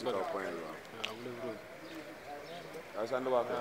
si kaw point bi waaw. waaw Sane waaw.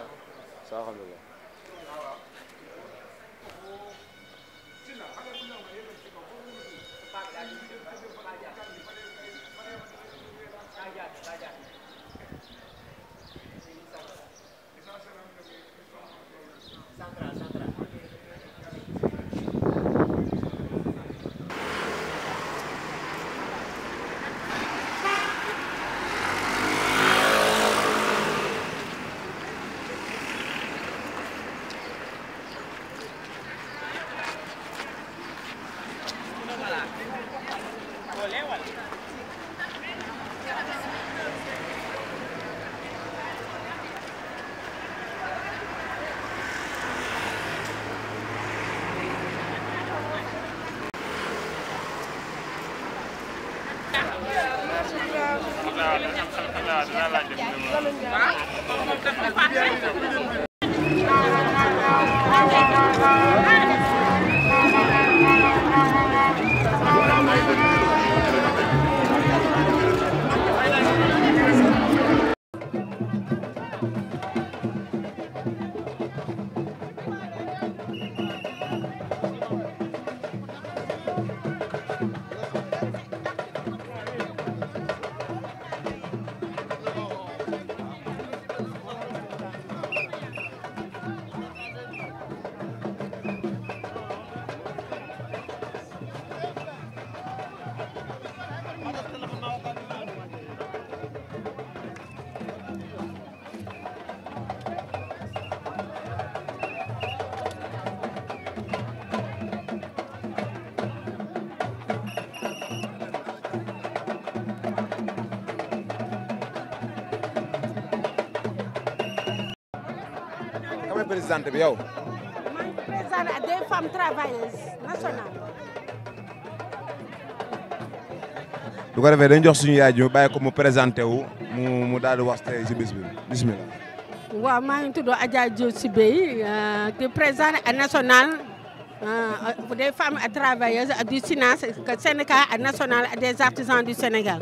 Thank you. présidente bi yow. man présidente des femmes travailleuses nationales. du ko defee dañ jox suñu yaay ji mu bàyyi ko mu présenté wu mu mu daal di wax tey si bis bi bisimilah. waaw maa ngi tudd Adja Diop Sibey euh, di présidente nationale euh, des femmes travailleuses du SINAS Sénégal national des artisans du Sénégal.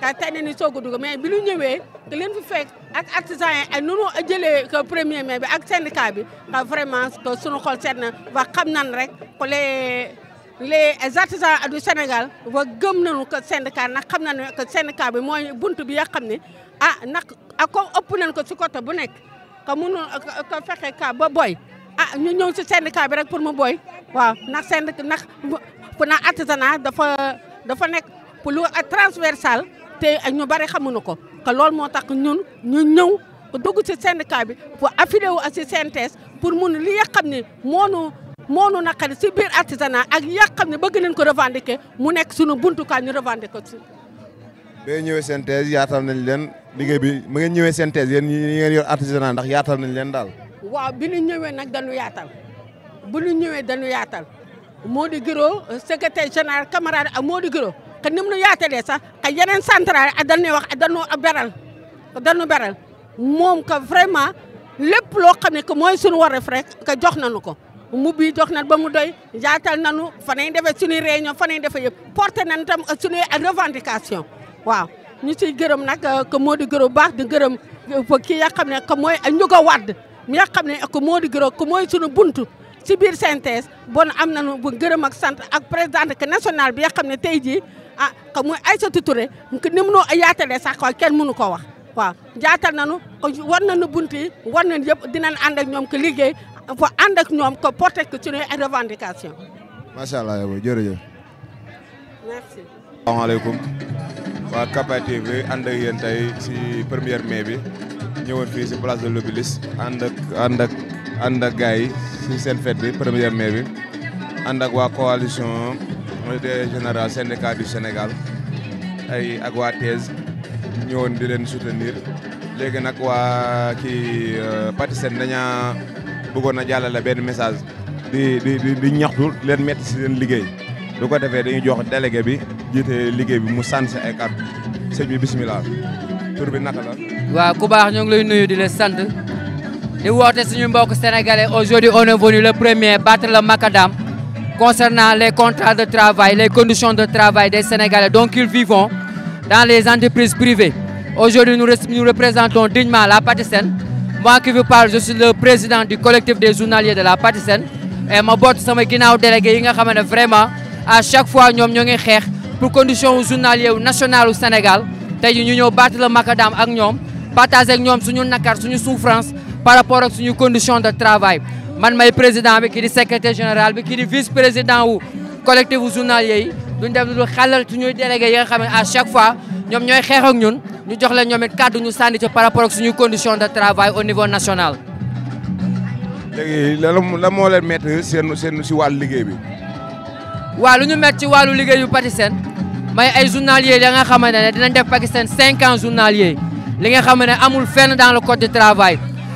ka tey na ni soog a dugg mais bi ñu ñëwee que leen fi fekk ak artisan yi ay nunu jëlee que premier mai bi ak syndicat bi xa ah, vraiment que sunu xol seet na wax xam nan rek que les les artisans du Sénégal wa gëm nañu que syndicat nag xam nañu que syndicat bi mooy buntu bi nga xam ne ah nag ak ah, comme ëpp nañu ko si côté bu nekk que mënu ko fexe ka ba boy a ah, ñu ñëw si syndicat bi rek pour mu boy waaw ndax syndicat ndax pour na artisanat dafa dafa nekk pour lu transversal tey ak ñu bari xamuñu ko que moo tax ñun ñu ñëw dugg ci syndicat bi pour affilié wu ak ci CNTS pour mun li nga xam ne moo nu moo nu naqari ci biir artisanat ak yi nga xam ne bëgg nañ ko revendiquer mu nekk suñu buntukaay ñu revendiquer ci. ba ñëwee CNTS yaatal nañ leen liggéey bi mu ngeen ñëwee CNTS yéen ñi ngeen yor artisanat ndax yaatal nañ leen daal. waaw bi ñu ñëwee nag dañu yaatal bu ñu ñëwee dañu yaatal Mody Guiro secrétaire général camarade ak Mody Guiro ka ni mu nu yaatalee sax ka yeneen central a dañuy wax a dañu beral dañu beral moom que vraiment lépp loo xam ne que mooy suñu wareef rek que jox nañu ko mu bii jox nañ ba mu doy yaatal nañu fa nañ defee suñuy réunion fa nañ defee yëpp porte nañ tam suñuy revendication waaw ñu ciy gërëm nag ka moo di gërëm baax di gërëm euh, kii nga xam ne que mooy Ndiouga Wade mi nga xam ne que moo di gërëm que mooy sunu buntu ci biir synthèse bon am nañu bu gërëm ak sant ak présidente nationale bi nga xam ne tey jii ah ko mooy Aïssatou Touré ni mënoo yaatalee sax ko kenn mënu ko wax waaw jaatal nañu war nañu bunt yi war nañu yëpp dinañ ànd ak ñoom ko liggéey fa ànd ak ñoom ko porté ko suñuy revendication macha allah yow jërëjëf. merci. asalaamaaleykum waa Capa TV ànd ak yéen si premier mai bi ñëwoon fii si place de l'Obélisque ànd ak ànd si seen bi premier mai bi waa coalition. secrétaire général syndicat du Sénégal ay ak waa TES ñëwoon di leen soutenir léegi nag waa kii euh, Patisen dañaa bëggoon a jàllale benn message di di ñaxtu leen metti leen liggéey du ko defee dañuy jox délégué bi jiite liggéey bi mu sant ay kàddu sëñ bi bisimilah naka la. waaw ku baax ñoo ngi lay nuyu di la sant di woote suñu mbokk sénégalais aujourd'hui on est venu le premier battre le macadam concernant les contrats de travail, les conditions de travail des Sénégalais. Donc ils vivent dans les entreprises privées. Aujourd'hui, nous, représentons dignement la Patissène. Moi qui vous parle, je suis le président du collectif des journaliers de la Patissène. Et ma botte, c'est mon délégué, vraiment, à chaque fois, nous sommes pour conditions journaliers nationales au Sénégal. Nous sommes battre le macadam avec nous, partager avec nous nos souffrances par rapport à nos conditions de travail man may président bi ki di secrétaire général bi ki di vice président wu collectif wu journalier yi duñ def lu xelal suñuy délégué yi nga xam à chaque fois ñom ñoy xeex ak ñun ñu jox leen ñoom it ñu sandi ci par rapport ak suñuy condition de travail au niveau national. léegi la mo leen mettre sen sen ci wàllu liggéey bi. wa lu ñu mettre ci yu liggéeyu Patisen may ay journalier yi nga xamante ne dinañ def Pakistan 5 ans journalier li nga xam amul fenn dans le code de travail.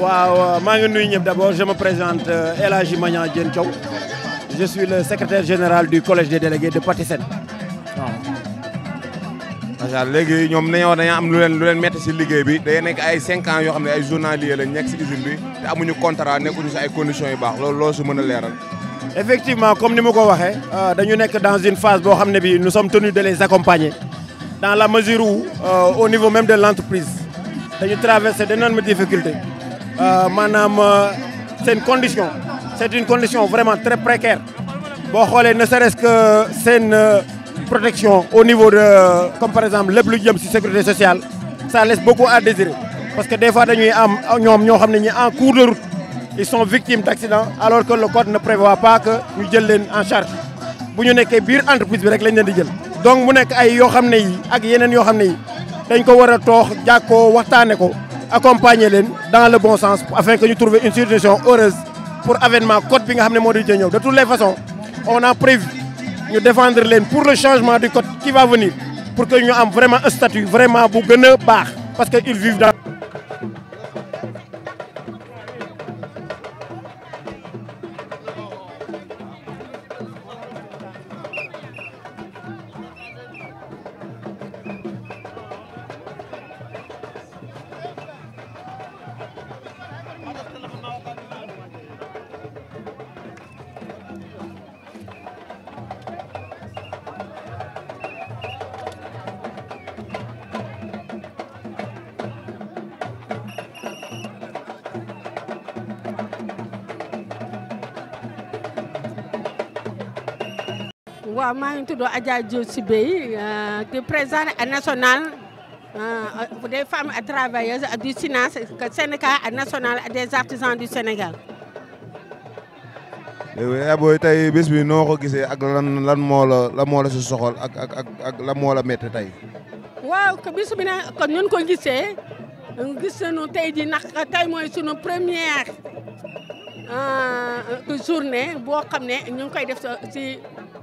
waaw maa ngi nuyu ñëpp d' abord je me présente euh, El Hadji Magnan Diène je suis le secrétaire général du collège des délégués de Patisen macha allah léegi ñoom dañoo dañoo am lu leen lu leen métti si liggéey bi day nekk ay 5 ans yoo xam ne ay journalier lañ nekk si usine bi te amuñu contrat nekkuñu si ay conditions yu baax loolu loo si mën a effectivement comme ni ma ko waxee euh, dañu nekk dans une phase boo xam ne bi nous sommes tenus de les accompagner dans la mesure où euh, au niveau même de l'entreprise, l' entreprise dañu traversé d'énormes difficultés. Euh, euh, c'est une condition c'est une condition vraiment très précaire Bon, ne serait-ce que une euh, protection au niveau de comme par exemple le plus de sécurité sociale ça laisse beaucoup à désirer parce que des fois nous am des gens qui en cours de route ils sont victimes d'accidents alors que le code ne prévoit pas que nous jël en charge nous sommes des biir entreprise bi rek lañ donc mu sommes ay yoo qui ne des ak dañ ko accompagner les dans le bon sens afin que nous trouvions une situation heureuse pour l'avènement code bi nga de toutes les façons on a prévu de défendre pour le changement du code qui va venir pour que nous vraiment un statut vraiment bu par parce qu'ils vivent dans wa ma ngi tudd Adja Diop Sibéy di euh, présidente nationale euh, des femmes travailleuses du SINAS syndicat national des artisans du Sénégal. yaa booy tay bés bi no ko gisee ak lan lan moo la lan moo la si soxal ak ak ak la mo la métti tey. waaw bés bi na kon ñun ko gisee gis nañu tay di nak tay moy sunu première euh, journée boo xam ne ñu ngi koy def ci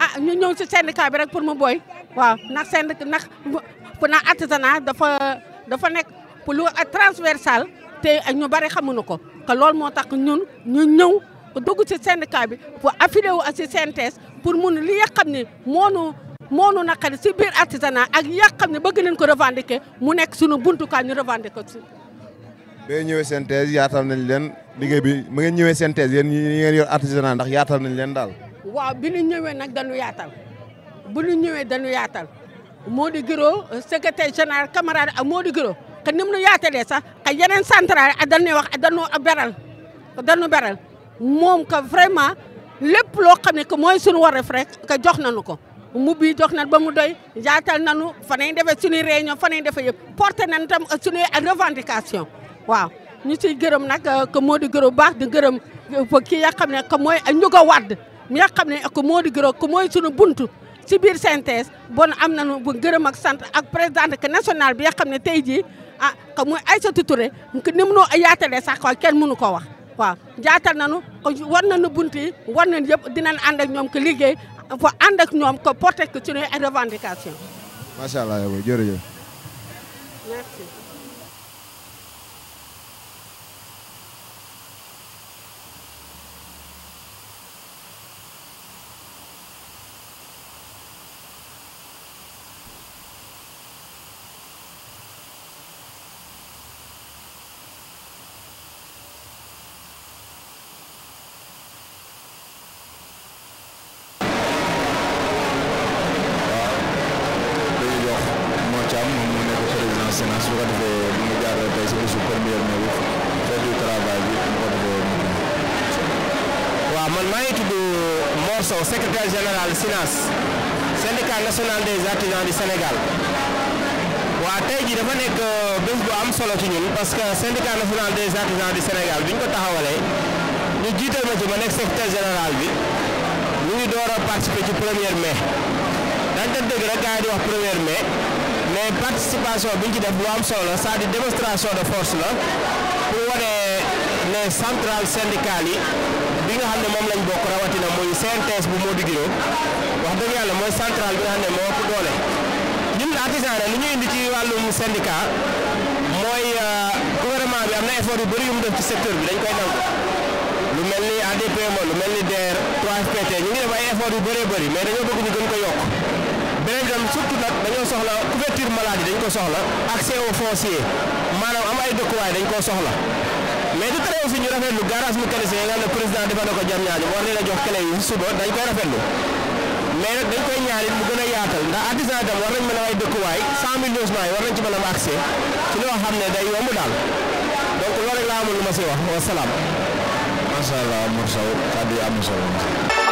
ah ñu ñëw si syndicat bi rek pour mu booy waaw ndax syndicat ndax pour na artisanat dafa dafa nekk pour lu transversal te ñu bari xamuñu ko que loolu moo tax ñun ñu ñëw dugg si syndicat bi pour affilié wu ak si CNTS pour mun li nga xam ne moonu moonu naqari si biir artisanat ak yi nga xam ne bëgg nañ ko revendiquer mu nekk suñu buntukaay ñu revendiquer ko si. ba ñëwee CNTS yaatal nañ leen liggéey bi ma ngeen ñëwee CNTS yéen ñi ngeen yor artisanat ndax yaatal nañ leen daal. waaw bi ñu ñëwee nag dañu yaatal bu ñu ñëwee dañu yaatal Mody Guiro secrétaire général camarade ak Mody Guiro que ni mu nu yaatalee sax ka yeneen central ak dañuy wax ak dañu beral dañu beral moom que vraiment lépp loo xam ne que mooy suñu wareef rek que jox nañu ko mu bii jox nañ ba mu doy yaatal nañu fa nañ defee suñuy réunion fa nañ defee yëpp porte nañ tam suñuy revendication waaw ñu ciy gërëm nag euh, que Mody Guiro baax di gërëm euh, kii yaa xam ne que mooy Ndiouga Wade mi nga xam ne ak moo di gërëm ko mooy sunu buntu ci biir synthèse bon am nañu bu gërëm ak sant ak présidente que national bi nga xam ne tey jii ah que mooy Aïssatou Touré que ni munoo yaatalee sax waaye kenn mënu ko wax waaw jaatal nañu war nañu bunt yi war nañu yëpp dinañ ànd ak ñoom ko liggéey fa ànd ak ñoom ko porté ko suñuy revendication macha allah yow jërëjëf merci Sénat su ko defee bu ñu si bisu premier mai waaw man maa ngi tudd Mor Sow secrétaire général SYNAS syndicat national des artisans du Sénégal waaw tey jii dafa nekk euh, bés bu am solo ci ñun parce que syndicat national des artisans du Sénégal bi ñu ko taxawalee ñu jiital ma ci ma nekk secrétaire général bi ñu ngi door a ci premier mai dañ ko rek gars di wax premier mai. mais participation bi ñu ci def lu am solo la c'est-à-dire démonstration de force la pour wane les centrales syndicales yi bi nga xam ne moom lañ bokk rawatina muy CNTS bu Modou Guiro wax dëgg yàlla mooy centrale bi nga xam ne moo ëpp doole ñun artisan rek li ñu indi ci wàllum syndicat mooy euh, gouvernement bi am na effort yu bëri yu mu def ci secteur bi dañ koy nangu lu mel ni ADPME lu mel ni DER 3FPT ñu ngi def ay effort yu bëree bëri mais dañoo bëgg ñu gën ko yokk. beneen tam surtout nag dañoo soxla couverture maladie dañ ko soxla accès au foncier maanaam am ay dëkk dëkkuwaay dañ koo soxla mais du tere aussi ñu rafetlu garage mécanicien yi nga ne président defal na ko jar ñaañu war leen a jox clé yi suba dañ koy rafetlu mais nag dañ koy ñaan it gën a yaatal ndax artisan itam war nañ mën a ay dëkkuwaay 100000 logements yi war nañ ci mën xam ne day yomb daal donc loolu rek laa amul lu ma si wax wa salaam. macha allah Mor Sow kàddu yi am na solo